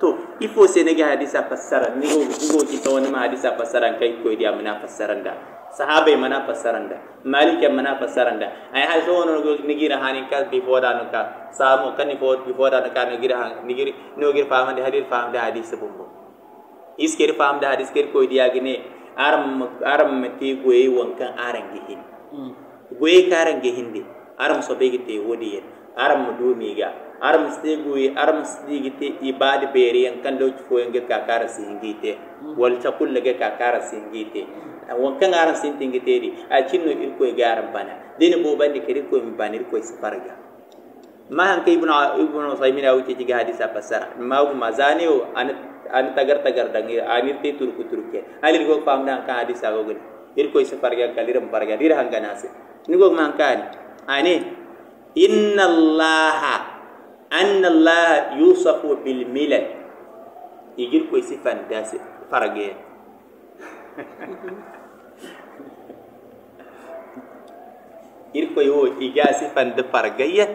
to ifo ne ga hadisa fassara ni go go kita wani ma hadisa fassaran kai ko dia mana fassaran da sahabe mana fassaran da malike mana fassaran da ai ha so wono go gira hani ka before da nuka samu kan ni before before da nuka nigira ni gira famande gira famande hadisa bumbo isker famande hadis ker ko dia gine aram aram ti goyi wankan aran gihin goyi hmm. karan gihin de aram so be gite wodi aram do mi ga arms ti gui arms beri yang kan do yang en ka kara singite hmm. wal chakul kullu ka kara singite won kan aran singite di a chinu ir ko garan bana dene bo bandi kiri ko mi banir ko isfarga ma han kay ibn ibn usaymin awti ci hadisa pasara ma ko mazani o an an tagar tagar dangi anir te turku turke alir go pam dan ka hadisa go gani ir ko kali kaliram parga dir hangana se ni go man kan ani inna allaha أن الله يوصف بالملل يجير كوي سفن داس فرقين يجير كوي هو إيجا سفن دفرقية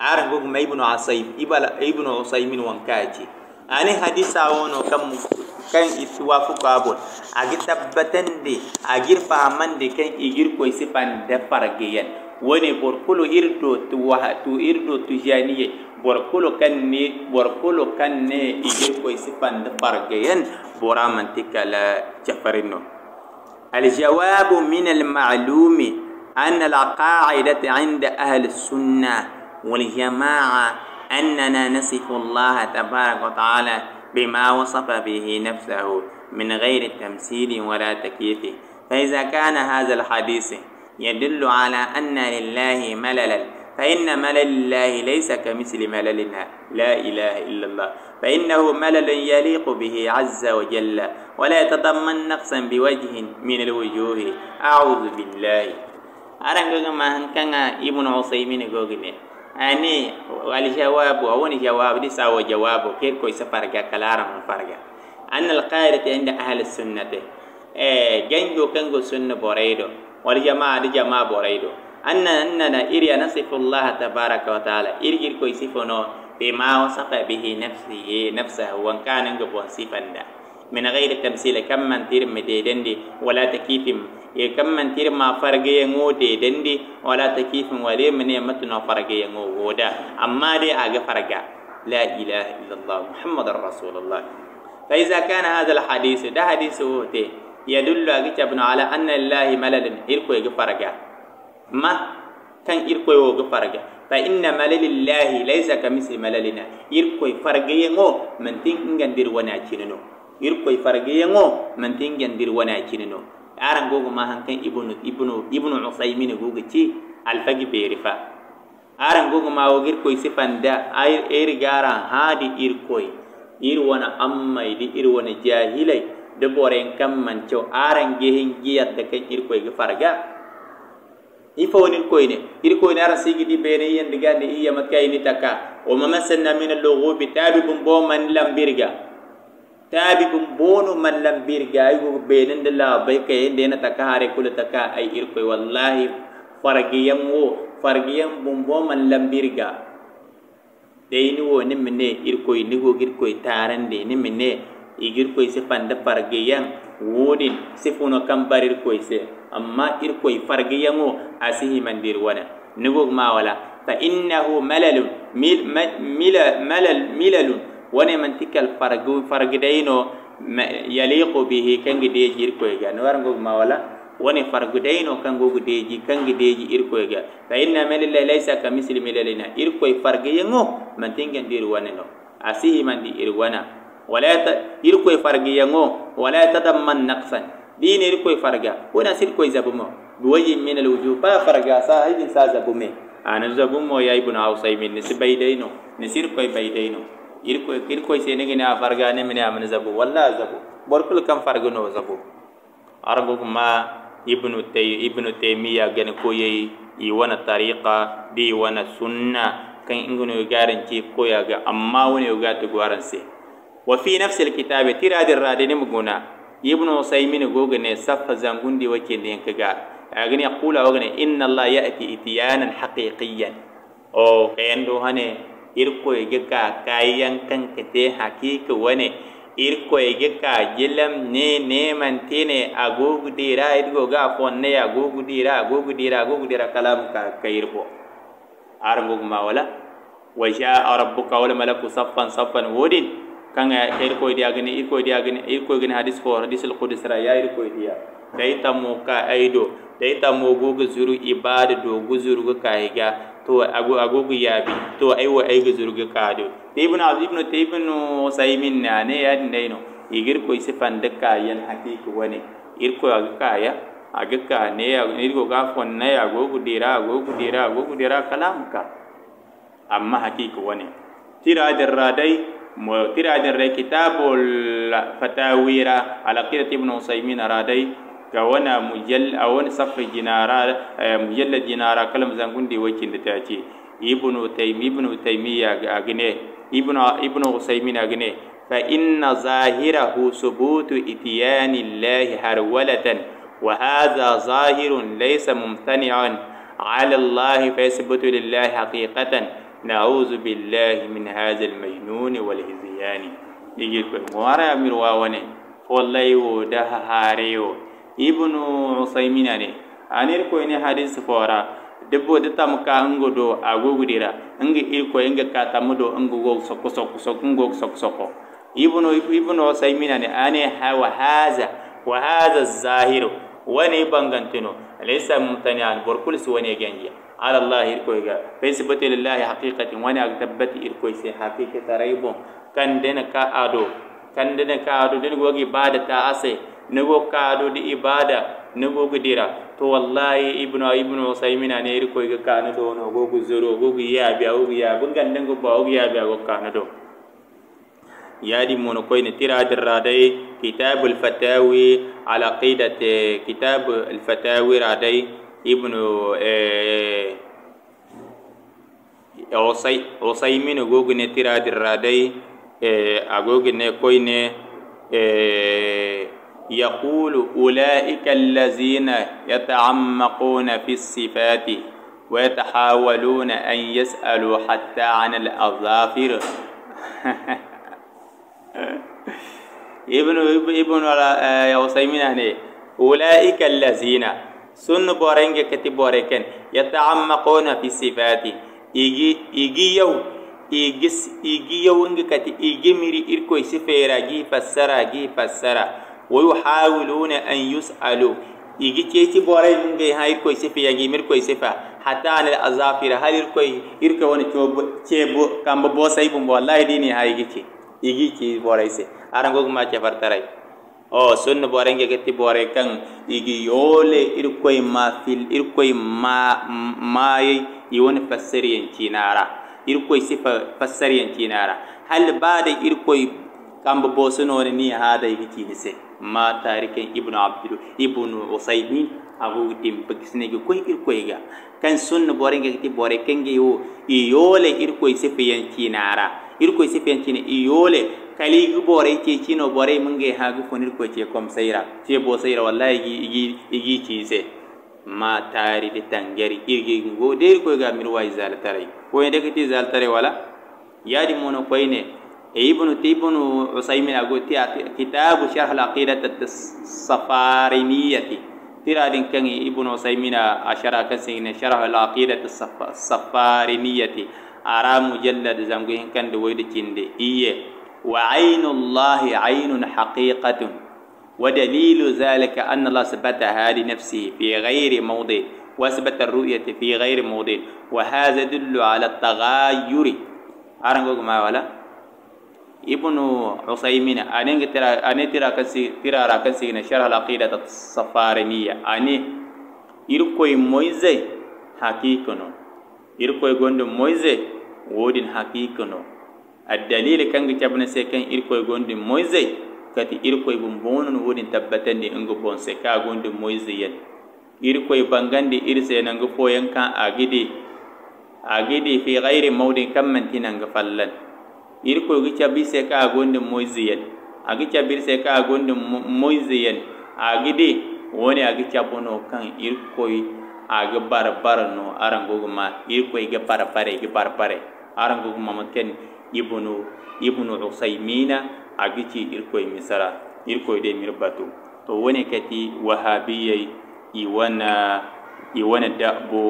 عارف بوك ما ابن عصيم إبلا ابن عصيم وانكاجي أنا حديث أونو كم kan ituwafu kabul agi tabbatan de agir fahaman de kan igir koy sifan da fargeyan woni borkulu irdo tu waha tu irdo tu janiye borkulu kanne borkulu kanne igir koy sifanda fargeyen boramanti kala jafarino الجواب من المعلوم أن القاعدة عند أهل السنة والجماعة أننا نصف الله تبارك وتعالى بما وصف به نفسه من غير تمثيل ولا تكييف فإذا كان هذا الحديث يدل على أن لله مللا فإن ملل الله ليس كمثل مللنا لا إله إلا الله فإنه ملل يليق به عز وجل ولا يتضمن نقصا بوجه من الوجوه أعوذ بالله أرنغ ما كان ابن عصيمين غوغني أني والجواب وون جواب ليس هو جواب كيف كوي سفرجا كلارم فرجا أن القاعدة عند أهل السنة إيه، جنجو كنجو سنة بوريدو والجماعة دي جماعة بوريدو أن أننا إري نصف الله تبارك وتعالى إري كوي يصفنا بما وصف به نفسه نفسه وان كان نقبوا صفا من غير تمثيل كم من تير مديدندي ولا تكيف كم من تير ما ينغو ينو ديدندي ولا تكيف ولي من يمتنا فرق ينغو ودا أما دي آغا فرقا لا إله إلا الله محمد رسول الله فإذا كان هذا الحديث ده حديث هو yadullu agi cabno ala anna lillahi malalin irko igi faraga ma kan irko wo igi faraga fa inna malalillahi laysa kamisi malalina irko faraga yengo mantin dir wana kinino irko faraga yengo mantin dir wana kinino aran gogo ma hankan ibnu ibnu ibnu usaymin gogo ci alfagi berifa aran gogo ma wogir koy sifanda ayir eri gara hadi irkoy ir wana amma idi ir wana jahilai de boren kam mancho aran gehen giyat de kan irko ge farga ifonil koyne irkoyne aran sigidi bene diga yende gande iyamat kayni taka o mamasanna min allugubi tabibum bo man lambirga tabibum bonu man lambirga aygo benen de la bay kayende na taka hare kula taka ay irkoy wallahi fargiyam wo fargiyam bum bo man lambirga deyni wo nimine irkoy nigo irkoy tarande nimine igir koise panda pargeyang wodin sifuno kambarir se amma ir koy fargeyango asihi mandir wana nugog ma wala fa innahu malalun mil mila malal milalun wana man tikal fargu fargidaino yaliqu bihi kangi deji ir koyga no warngog ma wala wani fargudaino kangogu deji kangi deji irkoyga fa inna malillahi laysa kamisli milalina irkoy fargeyengo man tingandir waneno asihi mandi irwana ولا ت... يركوي فرقي ينو ولا تدمن نقصا دين يركوي فرقا ونا سيركوي زبمو بوجه من الوجوه با فرقا صاحب سا زبمي أنا زبمو يا ابن من نسبي دينو نسيركوي بيدينو يركوي يركوي سينغني فرقا نمني من زبو ولا زبو بركل كم فرقنو زبو أربك ما ابن تي ابن تيمية جن كوي يوانا طريقة دي وانا سنة كان إنغنو يقارن كويا أما وني يقارن تقارن وفي نفس الكتاب تراد الرادن مغنا ابن وسيمين غوغن صف زنغندي وكيندين كغا اغني يقول اغني ان الله ياتي اتيانا حقيقيا او كيندو هني irko yake ka kayan kan kete hakika wane irko yake ka jilam ne ne mantine agogu dira idgo ga fonne agogu dira agogu dira agogu dira kalam ka kairbo arngu ma wala wa jaa rabbuka wal malaku saffan saffan wudin kanga ir koy irkoygani hadis hadisul qudus ra ya irkoyɗiya tawi tammo ka aydo tawi go go zuru ibada do ka higa to ago ya bi to aywo aygo zurgo kaado te ibnu ibnu te ibnu saymin igir koy se pande ka kayan hakiki woni irkoy ka kaya aga ka ne go ga go agogo dira go dira go dira kalam ka amma hakiki woni tiradirra dai. mo tira derre kitabul fatawira ala qidat ibn usaymin radai ga wana mujall a wani safa jinara mujalla jinara kalam zangundi wakin da ta ce ibnu taymi ibnu taymiya agne ibnu ibnu usaymin agne fa inna zahirahu subutu itiyani llahi harwalatan وهذا ظاهر ليس ممتنعا على الله فيثبت لله حقيقة na'uzu billahi min hadha al-majnun wal hizyani igir ko mara amir wawane wallahi wo da hareyo ibnu usaymina ne anir ko ne hadis fora debbo de tam ka ngo do agogudira ngi il ko ngi ka tam do ngo go sokko sokko sokko ngo sokko sokko ibnu ibnu usaymina ne ane hawa hadha wa hadha az-zahiru wani bangantino alaysa mumtani al-burkul suwane ganjiya على الله إركويغا فيثبت لله حقيقة وانا أكتبت إركويسي حقيقة ريبون كان دينا كأدو كان دينا كأدو دينا وغي بعد تأسي nugo kaado di ibada nugo gidira to wallahi ibnu ibnu usaymin ane iri koy ga kanu do no go guzuro go giya biya go giya bungan den go ba go giya biya go kanu do yadi mono koy ne tira dirradai kitab al fatawi ala qidati kitab al fatawi radai ابن من usaymin ogogine الرادي agogine كوين يقول أولئك الذين يتعمقون في الصفات ويتحاولون أن يسألوا حتى عن الأظافر ابن ابن آه، عثيمين يعني: أولئك الذين sunnu borenge keti boreken yata'ammaquna fi sifati igi igi yow igis igi yowenge kati igi miri irkoy sifera gi fassara gi fassara wa yuhawiluna an yus'alu igi ceci boray munge ha irkoy sifa yagi mirkoy sifa hatta anil azafira hal irkoy irkoy woni cobo cebo kamba bo saybum wallahi dini ha igi ci igi ci boray se arango ma ce fartaray Oh, sunna sonno ɓoorenge getti ɓoore kan igi yole iɗa koye ma fil iɗa koye ma maaye i woni fasari en tinara iɗa koye sifa fassari en tinara halle baade iɗa bo kamɓe bosonoone ni haada igi tiini se ma tariken ibnu abdul ibnu usaymin aguɗim pakisinege koye iɗa ga kan sonno ɓoorenge getti ɓoore kenge o i yoole iɗa koye sifa yen tinara irkoy sifen cine i Kali kaligi ɓoorey ce cino bore munge haagu fonirkoy ce kom seyra ce bo seyra wallahi igi gi igi ciise ma tari de tangeri irgegi go izal tare Ko wawi zalataray ti zal tare wala yaadi mono ine e ibnu tibnu ibnu usaymin ago ti kitabu al-aqidat as safariniyati tiraɗin kan ibnu usaymin a cara kan al-aqidat as safariniyati أرام جلد زنقه كان دويد كند إيه وعين الله عين حقيقة ودليل ذلك أن الله سبت هذه نفسه في غير موضع وسبت الرؤية في غير موضع وهذا دل على التغاير أرنقوك ما ولا ابن عصيمين أنا ترى أنك ترى كسي ترى راكسي نشر العقيدة الصفارمية أني يركوي موزة حقيقة irkoye gonde moise woodin haqiqa no a dalil kanngu cabna se kan irkoye gonde moise kadi irkoye bum bonon woodin tabbatandi ngu bon se ka gonde moise yen irkoye bangandi irse nangu foyen kan agidi agidi fi gayri mawdin kammanti nangu fallan irkoye gu cabi se ka gonde moise yen agi cabir se ka gonde moise yen agidi woni agi cabuno kan irkoye aga bara bara no arango ma irko iga para pare iga para pare arango ma matken ibnu ibnu usaymina agici irko misara irko de mirbatu to wone kati wahabiyai iwana iwana da'bo